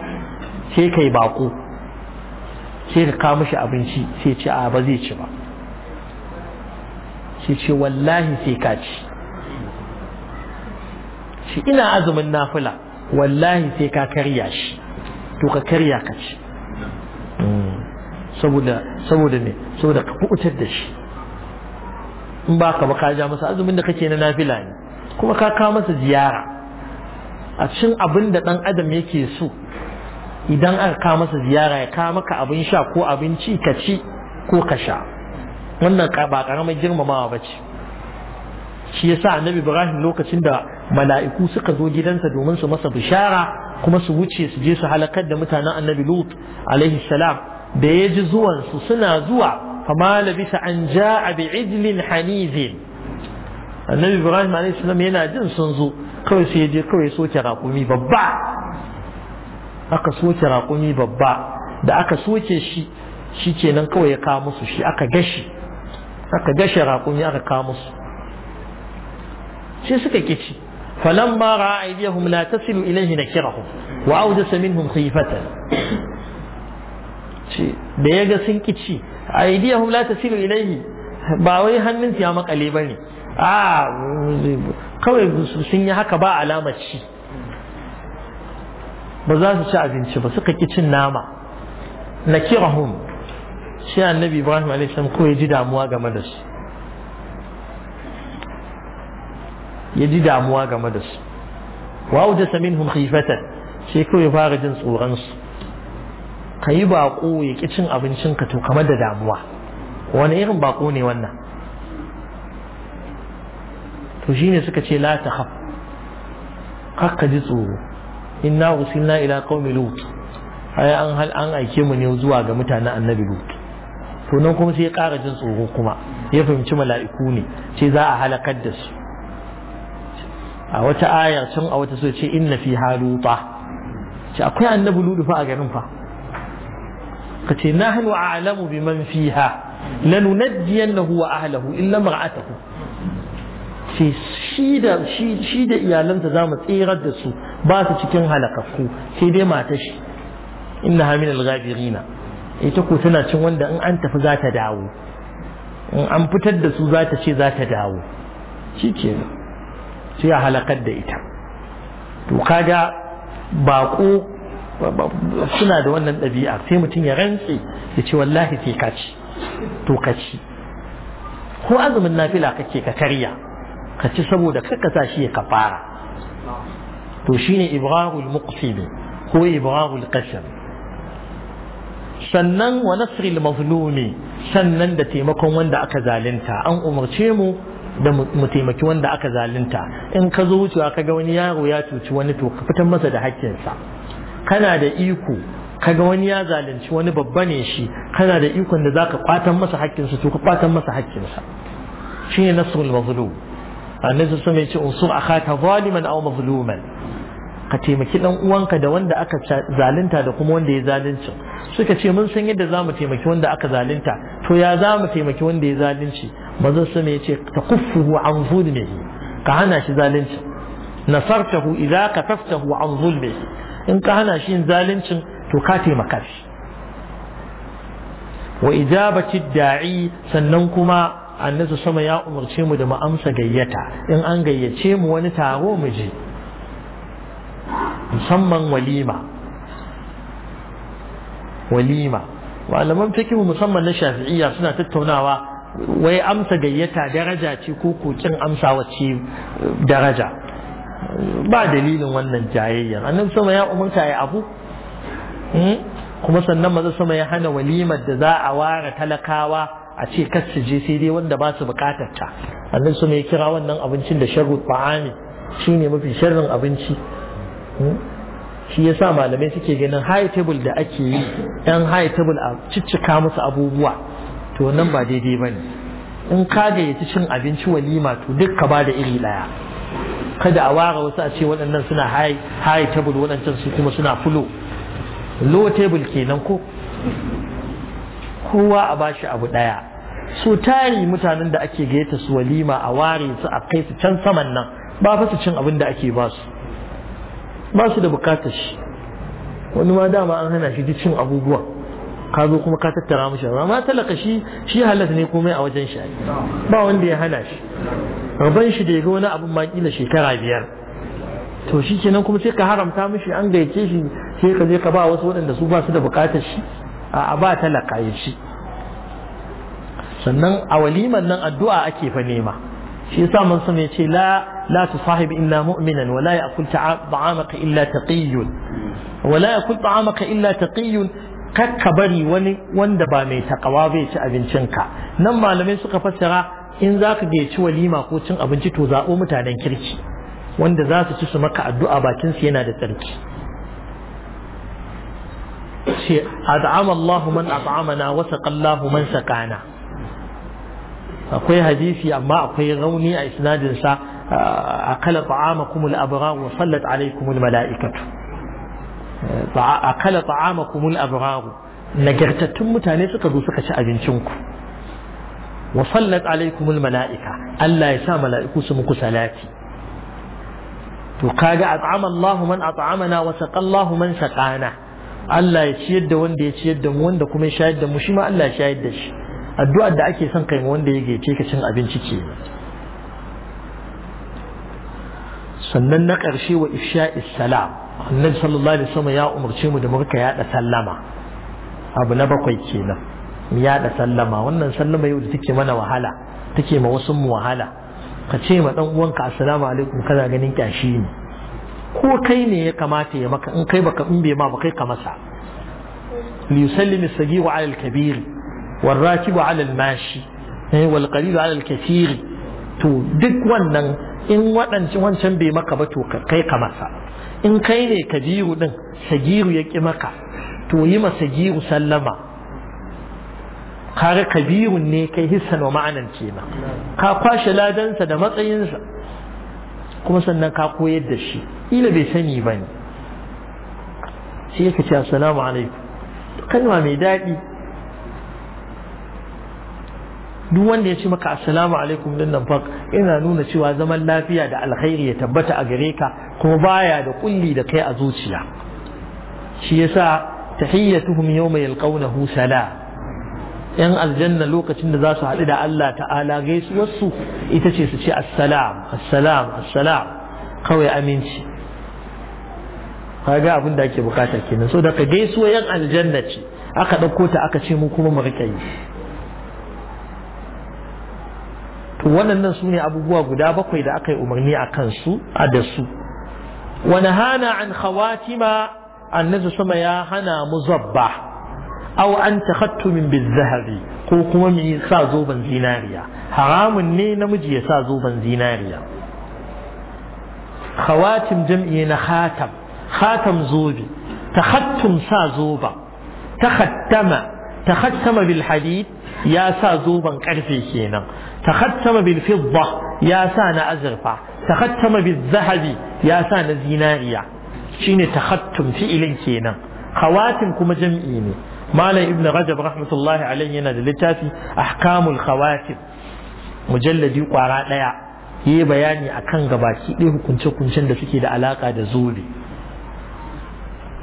sai kai bako sai ka kawo mishi abinci sai ce a ba zai ci ba sai ce wallahi sai ka ci shi ina azumin nafila wallahi sai ka karya shi to ka karya ka ci hmm. saboda saboda ne saboda ka kubutar da shi in ba ka ba ka ja masa azumin da kake na nafila ne kuma ka kawo masa ziyara a cikin abin da ɗan adam yake so idan aka ka masa ziyara ya kawo maka abin sha ko abinci ka ci ko ka sha wannan ba karamar girmamawa ba ce shi yasa annabi ibrahim lokacin da mala'iku suka zo gidansa domin su masa bishara kuma su wuce su je su halakar da mutanen annabi lut alaihi salam da ya ji zuwansu suna zuwa fama labisa an ja'a bi ijlin hanizin annabi ibrahim alayhi yana jin sun zo kawai sai je kawai soke raƙumi babba aka soke raƙumi babba da aka soke shi shi kenan kawai ya kawo musu shi aka gashi aka gashe raƙumi aka kawo musu sai suka kici falamma ta silu la na ilayhi nakirahum wa awjasa minhum khifatan ce da yaga sun kici aidiyahum la tasilu ilayhi ba wai hannun ya makale bane a kawai sun yi haka ba alamar ci ba za su ci abinci ba suka ki cin nama nakirahum shi annabi ibrahim alaihi salam ko ya ji damuwa game da su ya damuwa game da su wa wajasa minhum khifatan sai ya fara jin tsoron su ka yi baƙo ya ƙi cin abincinka to kamar da damuwa wani irin baƙo ne wannan to shi ne suka ce la ta haf kakka ji tsoro inna usilna ila qaumi lut ai an hal an aike mu ne zuwa ga mutanen annabi lut to nan kuma sai ya ƙara jin tsoro kuma ya fahimci mala'iku ne ce za a halakar da su a wata ayar can a wata so ce inna fi haluta ce akwai annabi lut fa a garin fa ka ce a a'lamu biman fiha na wa ahlihi illa mar'atahu ce shi da shi da iyalansa zamu tsirar da su ba su cikin halakakku sai dai matar shi Inna Hamina al-ghabirina ita ko tana cin wanda in an tafi za ta dawo in an fitar da su za ta ce za ta dawo shi ke sai a halakar da ita to kaga baƙo suna da wannan ɗabi'a sai mutum ya rantse ya ce wallahi sai ka ci to ka ci ko azumin nafila kake ka karya ka ci saboda kaka sa shi ya fara. to shine ibrahul muqsimi ko ibrahul qasam sannan wa nasril mazlumi sannan da taimakon wanda aka zalunta an umarce mu da mu taimaki wanda aka zalunta in ka zo wucewa ka ga wani yaro ya cuci wani to ka fitar masa da hakkinsa kana da iko kaga wani ya zalunci wani babba ne shi kana da ikon da zaka kwatan masa haƙƙinsa to ka kwatan masa haƙƙinsa shine nasrul mazlum annabi sun ce unsur akhaka zaliman aw mazluman ka taimaki dan uwanka da wanda aka zalunta da kuma wanda ya zalunci suka ce mun san yadda zamu taimaki wanda aka zalunta to ya zamu taimaki wanda ya zalunci manzon sun ya ce takuffuhu an zulmihi ka hana shi zalunci nasartahu idza kasaftahu an zulmihi in ka hana shi yin zaluncin to ka taimaka shi wa ijabati da'i sannan kuma annabi sama ya umarce mu da mu amsa gayyata in an gayyace mu wani taro mu je musamman walima walima malaman fikihu musamman na shafi'iyya suna tattaunawa wai amsa gayyata daraja ce ko kokin amsa wacce daraja ba dalilin wannan jayayyar annabi sama ya umarta ya abu hmm? kuma sannan maza sama ya hana walimar da za a ware talakawa a ce kasu je sai dai wanda ba su bukatar ta annabi sama ya kira wannan abincin da sharru ta'ami shine mafi sharrin abinci hmm? shi ya sa malamai suke ganin high table da ake yi yan high table a ciccika musu abubuwa to nan ba daidai ba ne. in ka gayyaci cin abinci walima to duk ka ba da iri ɗaya. kada a ware wasu a ce waɗannan suna high table waɗancan su kuma suna fulo low table kenan ko kowa a bashi abu ɗaya su tari mutanen da ake gayyata su walima a ware su a kai su can saman nan ba fa su cin abin da ake ba su ba su da bukatar shi wani ma dama an hana shi cin abubuwan ka zo kuma ka tattara mishi amma talaka shi shi halas ne komai a wajen shi ba wanda ya hana shi rabon shi da ya ga wani abin ma kila shekara biyar to shi kenan kuma sai ka haramta mishi an gaice shi sai ka je ka ba wasu waɗanda su ba su da bukatar shi a ba talaka ya shi sannan a waliman nan addu'a ake fa nema shi yasa mun ya ce la la tusahib illa mu'minan wa la ya'kul ta'amaka illa taqiyyun wa la ya'kul ta'amaka illa taqiyyun kakka bari wani wanda ba mai takawa bai ci abincinka nan malamai suka fassara in za ka ci walima ko cin abinci to zaɓo mutanen kirki wanda za su ci su maka addu'a bakin su yana da tsarki ce ad'ama Allahu man at'amana wa saqallahu man saqana akwai hadisi amma akwai rauni a isnadin sa akala ta'amakum al-abrar wa sallat alaykum al-mala'ikatu A kala akala ta'amakumul abraru nagartattun mutane suka zo suka ci abincinku wa sallat alaikumul mala'ika Allah ya sa mala'iku su muku salati to kaga at'ama Allahu man at'amana wa saqa Allahu man saqana Allah ya ciyar da wanda ya ciyar da mu wanda kuma ya shayar da mu shi ma Allah ya shayar da shi addu'ar da ake son kai wanda ya gece ka cin abinci ce sannan na ƙarshe wa ifsha'is salam annabi sallallahu alaihi wasallam ya umarci mu da mu rika yada sallama abu na bakwai kenan mu yada sallama wannan sallama yau da take mana wahala take ma wasu mu wahala ka ce ma dan uwanka assalamu alaikum kana ganin kyashi ne ko kai ne ya kamata ya maka in kai baka in bai ma ba kai ka masa li yusallimu sagiru ala al-kabir wal rakibu ala al-mashi eh, wal qalilu ala al-kathir to duk wannan in waɗancan wancan bai maka ba to kai ka masa in kai ne kabiru ɗin sagiru ya ƙi maka to yi ma sagiru sallama kare Kabiru ne kai hissan wa ma'anan ma, ka kwashe ladansa da matsayinsa kuma sannan ka koyar da shi ila bai sani ba ne sai ka ce assalamu alaikum kalma mai daɗi duk wanda ya ce maka assalamu alaikum din nan fak ina nuna cewa zaman lafiya da alkhairi ya tabbata a gare ka kuma baya da kulli da kai a zuciya shi yasa tahiyyatuhum yawma yalqawnahu sala yan aljanna lokacin da za su haɗu da Allah ta'ala gaisuwar su ita ce su ce assalam assalam assalam kawai aminci kaga abin da ake bukata kenan so daga gaisuwa yan aljanna ce aka ɗauko ta aka ce mu kuma mu riƙe yi waɗannan su ne abubuwa guda bakwai da aka yi umarni a kansu a da su wani hana an khawatima annazu sama ya hana mu zabba aw an takhattu min bizzahabi ko kuma mu sa zoben zinariya haramun ne namiji ya sa zoben zinariya khawatim jam'i na khatam khatam zobe takhattum sa zoba takhattama takhattama bil hadid ya sa zoben karfe kenan takhattama bil fidda ya sa na azurfa takhattama bil zahabi ya sa na zinariya shine takhattum fi'ilin kenan khawatim kuma jam'i ne malam ibn rajab rahmatullahi alaihi yana da littafi ahkamul khawatim mujalladi kwara daya yi bayani akan gabaki ɗaya hukunce-hukuncen da suke da alaka da zobe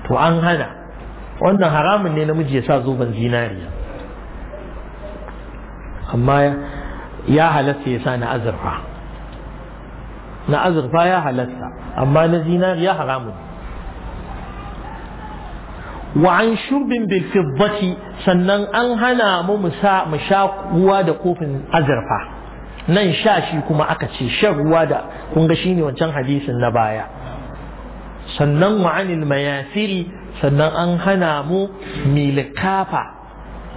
to an hana wannan haramun ne namiji ya sa zoben zinariya amma ya halatta ya sa na azurfa na azurfa ya halatta amma na zinar ya haramu wa an shubin bil fiddati sannan an hana mu mu sha ruwa da kofin azurfa nan sha shi kuma aka ce shan ruwa da kun ga shine wancan hadisin na baya sannan wa anil mayasiri sannan an hana mu milikafa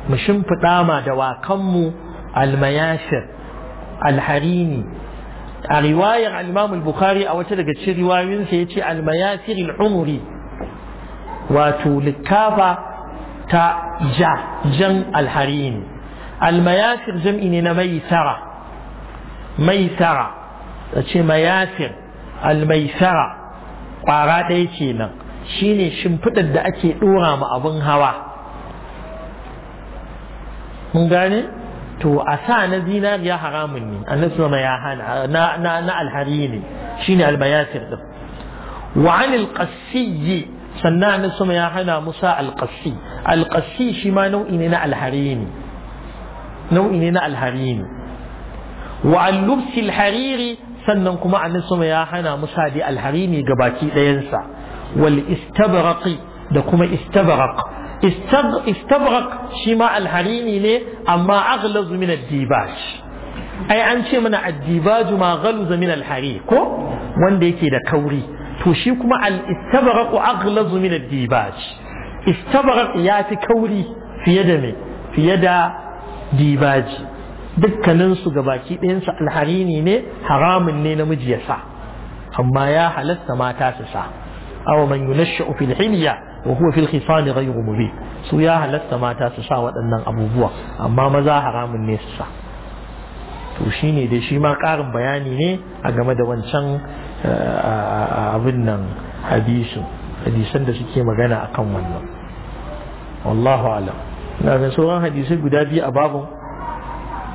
mu shimfiɗa ma da wakanmu almayashir alharini a riwayar al bukhari a wata daga cikin riwayoyinsa ya ce almayasir al'umuri wato likafa ta ja jan alharini almayasir jam'i ne na maisara maisara a ce mayasir almaisara ƙwara ɗaya kenan shine shimfiɗar da ake ɗora ma abin hawa mun gane to a sa na zinariya haramun ne annabi sama ya hana na na na alhari ne shine albayasir din wa anil qassi sannan annabi sama ya hana musa alqassi alqassi shi ma nau'i ne na alhari ne nau'i ne na alhari ne wa al lubsil hariri sannan kuma annabi sama ya hana musa da alhari ne gabaki dayansa wal istabraqi da kuma istabraq istabrak shi ma alharini ne amma aghlazu min ad ai an ce mana ad-dibaju ma ghaluza min alhari ko wanda yake da kauri to shi kuma al-istabrak aghlazu min ad-dibaj istabrak ya fi kauri fiye da me fiye da dibaji dukkaninsu gabaki ɗayansu alharini ne haramun ne namiji ya sa amma ya halasta mata su sa aw man yunashshu fil hilya wa huwa fil khisani ghayru mubin su ya halatta mata su sa waɗannan abubuwa amma maza haramun ne su sa to shine dai shi ma ƙarin bayani ne a game da wancan eh, abin nan hadisin hadisan da suke magana akan wannan wallahu alam na ga sauran hadisai guda biyu a babu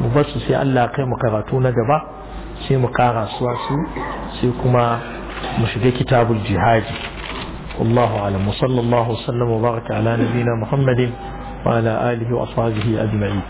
mu bar su sai Allah kai mu karatu na gaba sai mu kara su sai kuma mu shiga kitabul jihadi والله أعلم وصلى الله وسلم وبارك على نبينا محمد وعلى آله وأصحابه أجمعين